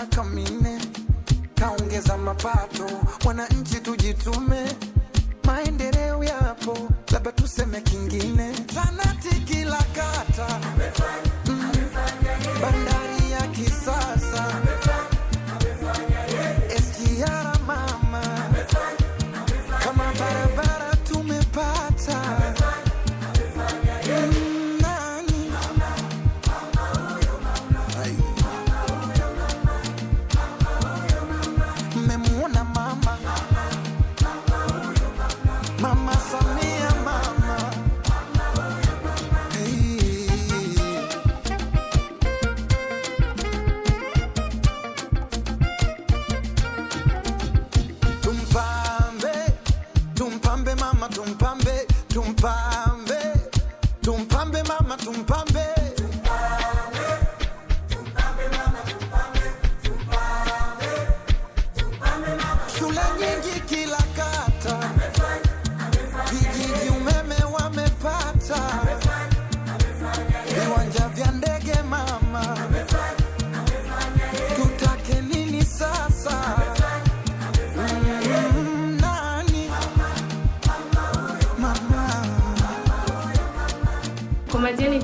miaka minne kaongeza mapato. Wananchi tujitume, maendeleo yapo, labda tuseme kingine. Zanati kila kata amefanya, mm. amefanya, yeah.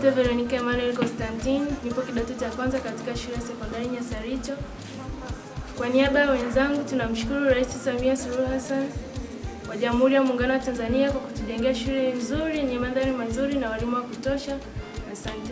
Naitwa Veronica Emmanuel Constantine, nipo kidato cha kwanza katika shule ya sekondari Nyasaricho. Kwa niaba ya wenzangu tunamshukuru Rais Samia Suluhu Hassan wa Jamhuri ya Muungano wa Tanzania kwa kutujengea shule nzuri yenye mandhari mazuri na walimu wa kutosha. Asante.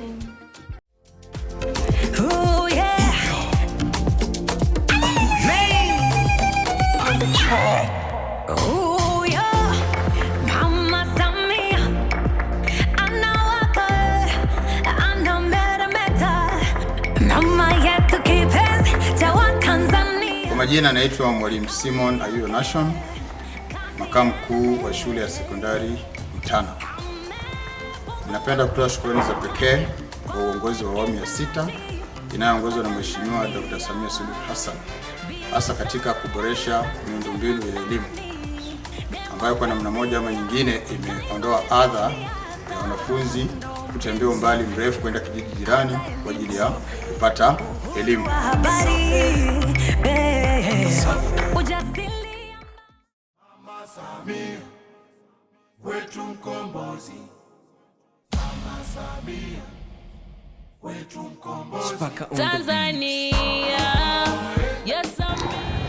majina naitwa Mwalimu Simon Ayuo Nation, makamu mkuu wa shule ya sekondari Mtana. Ninapenda kutoa shukrani za pekee kwa uongozi wa awamu ya sita inayoongozwa na Mheshimiwa Dr. Samia Suluhu Hassan, hasa katika kuboresha miundombinu ya elimu ambayo kwa namna moja ama nyingine imeondoa adha ya wanafunzi kutembea umbali mrefu kwenda kijiji jirani kwa ajili ya kupata elimu.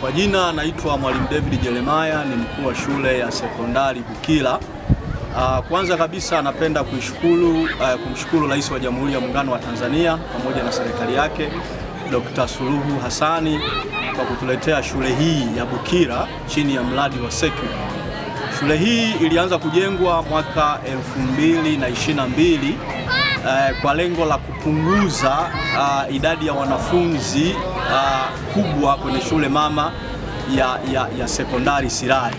Kwa jina naitwa Mwalimu David Jeremaya, ni mkuu wa shule ya sekondari Bukila. Ah, kwanza kabisa napenda kuishukuru, ah, kumshukuru Rais wa Jamhuri ya Muungano wa Tanzania pamoja na serikali yake Dr. Suluhu Hassani kwa kutuletea shule hii ya Bukila chini ya mradi wa SECU. Shule hii ilianza kujengwa mwaka 2022 eh, kwa lengo la kupunguza uh, idadi ya wanafunzi uh, kubwa kwenye shule mama ya, ya, ya sekondari Sirari.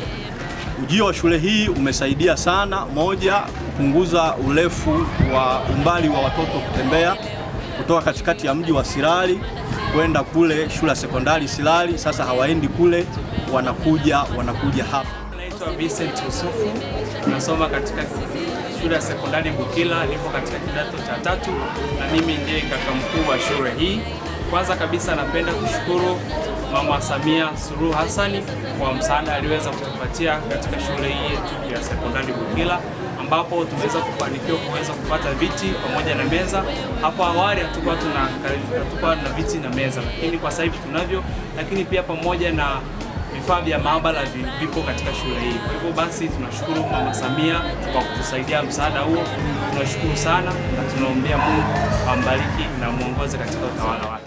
Ujio wa shule hii umesaidia sana, moja, kupunguza urefu wa umbali wa watoto kutembea kutoka katikati ya mji wa Sirari kwenda kule shule ya sekondari Sirari. Sasa hawaendi kule, wanakuja wanakuja hapa. Naitwa Vincent Yusufu, nasoma katika shule ya sekondari Bukila, nipo katika kidato cha tatu na mimi ndiye kaka mkuu wa shule hii. Kwanza kabisa napenda kushukuru Mama Samia Suluhu Hassan kwa msaada aliweza kutupatia katika shule hii yetu ya sekondari Bukila ambapo tumeweza kufanikiwa kuweza kupata viti pamoja na meza. Hapo awali hatukuwa tuna, na viti na meza, lakini kwa sasa hivi tunavyo, lakini pia pamoja na vifaa vya maabara vipo katika shule hii. Kwa hivyo basi, tunashukuru Mama Samia kwa kutusaidia msaada huo, tunashukuru sana na tunaombea Mungu ambariki na muongoze katika utawala wake.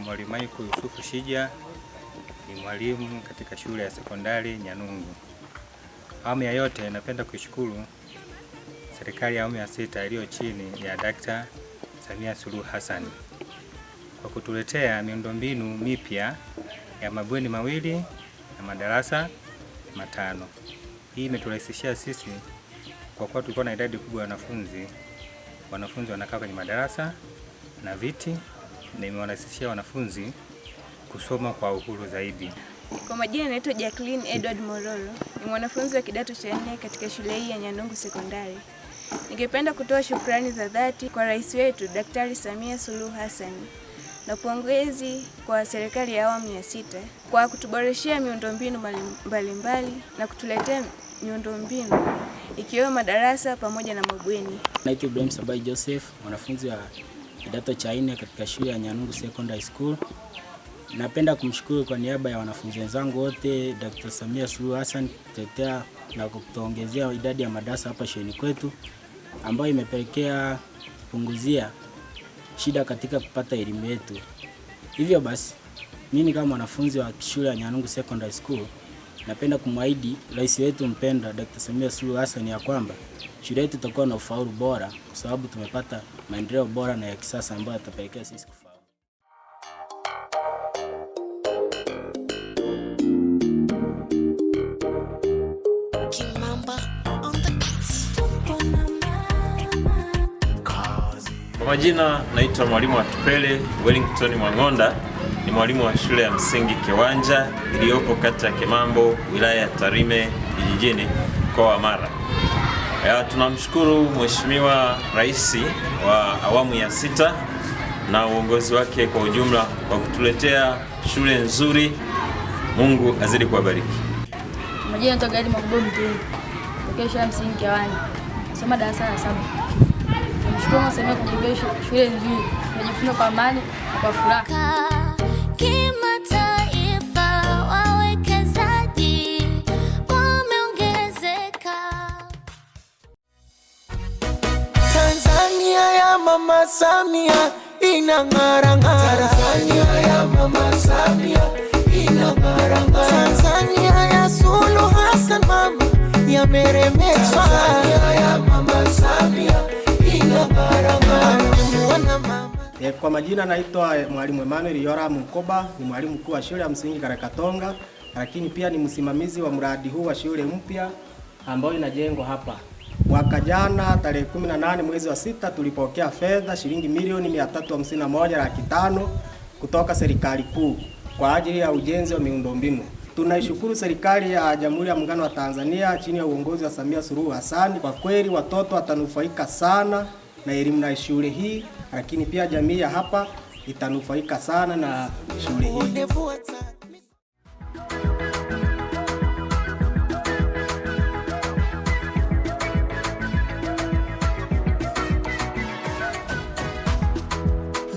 Mwalimu Michael Yusufu Shija, ni mwalimu katika shule ya sekondari Nyanungu. Awamu ya yote napenda kuishukuru serikali ya awamu ya sita iliyo chini ya Dakta Samia Suluhu Hassan kwa kutuletea miundombinu mipya ya mabweni mawili na madarasa matano. Hii imeturahisishia sisi kwa kuwa tulikuwa na idadi kubwa ya wanafunzi, wanafunzi wanakaa kwenye madarasa na viti na imewarahisishia wanafunzi kusoma kwa uhuru zaidi. Kwa majina naitwa Jacqueline Edward Mororo, ni mwanafunzi wa kidato cha nne katika shule hii ya Nyanungu Sekondari. Ningependa kutoa shukrani za dhati kwa rais wetu Daktari Samia Suluhu Hassan na pongezi kwa serikali ya awamu ya sita kwa kutuboreshea miundombinu mbalimbali na kutuletea miundombinu ikiwemo madarasa pamoja na mabweni. Naitwa Ibrahim Sabai Joseph, mwanafunzi wa kidato cha nne katika shule ya Nyanungu Secondary School. Napenda kumshukuru kwa niaba ya wanafunzi wenzangu wote Dr. Samia Suluhu Hassan kutetea na kutuongezea idadi ya madarasa hapa shuleni kwetu ambayo imepelekea kupunguzia shida katika kupata elimu yetu. Hivyo basi, mimi kama mwanafunzi wa shule ya Nyanungu Secondary School Napenda kumwahidi rais wetu mpendwa Dr. Samia Suluhu Hassan ya kwamba shule yetu itakuwa na ufaulu bora kwa sababu tumepata maendeleo bora na ya kisasa ambayo yatapelekea sisi kufaulu. Kwa majina naitwa Mwalimu wa tupele Wellington Mwang'onda ni mwalimu wa shule ya msingi Kiwanja iliyopo kata ya Kimambo, wilaya ya Tarime vijijini, mkoa wa Mara. Tunamshukuru Mheshimiwa Rais wa awamu ya sita na uongozi wake kwa ujumla kwa kutuletea shule nzuri. Mungu azidi kuwabariki. Majina naitwa Gadi Makubo Mtuli, tokea shule ya msingi Kiwanja, nasoma darasa la saba. Namshukuru Mama Samia kwa kutuletea shule nzuri, tunajifunza kwa amani na kwa furaha kimataifa wawekezaji wameongezeka. Tanzania ya Mama Samia inang'ara ng'ara. Tanzania ya Mama Samia inang'ara ng'ara. Tanzania ya Suluhu Hassan mama yameremeta Kwa majina naitwa eh, Mwalimu Emmanuel Yoram Mkoba, ni mwalimu mkuu wa shule ya msingi Karakatonga, lakini pia ni msimamizi wa mradi huu wa shule mpya ambayo inajengwa hapa. Mwaka jana tarehe 18 mwezi wa sita tulipokea fedha shilingi milioni 351 laki tano kutoka serikali kuu kwa ajili ya ujenzi wa miundombinu. Tunaishukuru serikali ya Jamhuri ya Muungano wa Tanzania chini ya uongozi wa Samia Suluhu Hassan. Kwa kweli watoto watanufaika sana na elimu na shule hii lakini pia jamii ya hapa itanufaika sana na shughuli hii.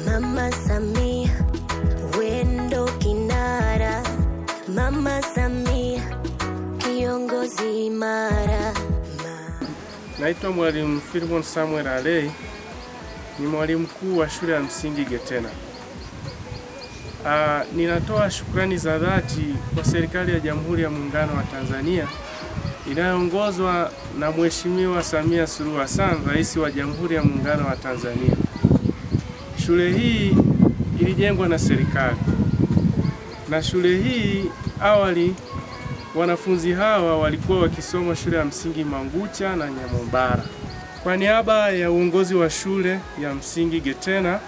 Mama Samia wendo kinara, Mama Samia kiongozi imara. Naitwa Mwalimu Filimon Samuel Alei ni mwalimu mkuu wa shule ya msingi Getena. Aa, ah, ninatoa shukrani za dhati kwa serikali ya Jamhuri ya Muungano wa Tanzania inayoongozwa na Mheshimiwa Samia Suluhu Hassan, Rais wa Jamhuri ya Muungano wa Tanzania. Shule hii ilijengwa na serikali na shule hii awali wanafunzi hawa walikuwa wakisoma shule ya msingi Mangucha na Nyamombara. Kwa niaba ya uongozi wa shule ya msingi Getena,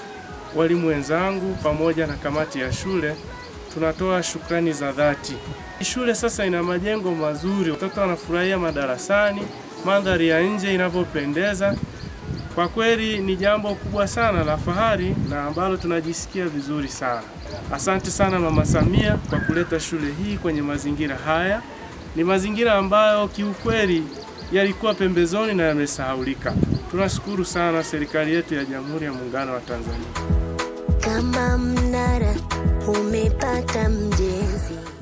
walimu wenzangu pamoja na kamati ya shule tunatoa shukrani za dhati. Shule sasa ina majengo mazuri, watoto wanafurahia madarasani, mandhari ya nje inavyopendeza. Kwa kweli ni jambo kubwa sana la fahari na ambalo tunajisikia vizuri sana. Asante sana Mama Samia kwa kuleta shule hii kwenye mazingira haya. Ni mazingira ambayo kiukweli yalikuwa pembezoni na yamesahaulika. Tunashukuru sana serikali yetu ya Jamhuri ya Muungano wa Tanzania. Kama mnara umepata mjenzi.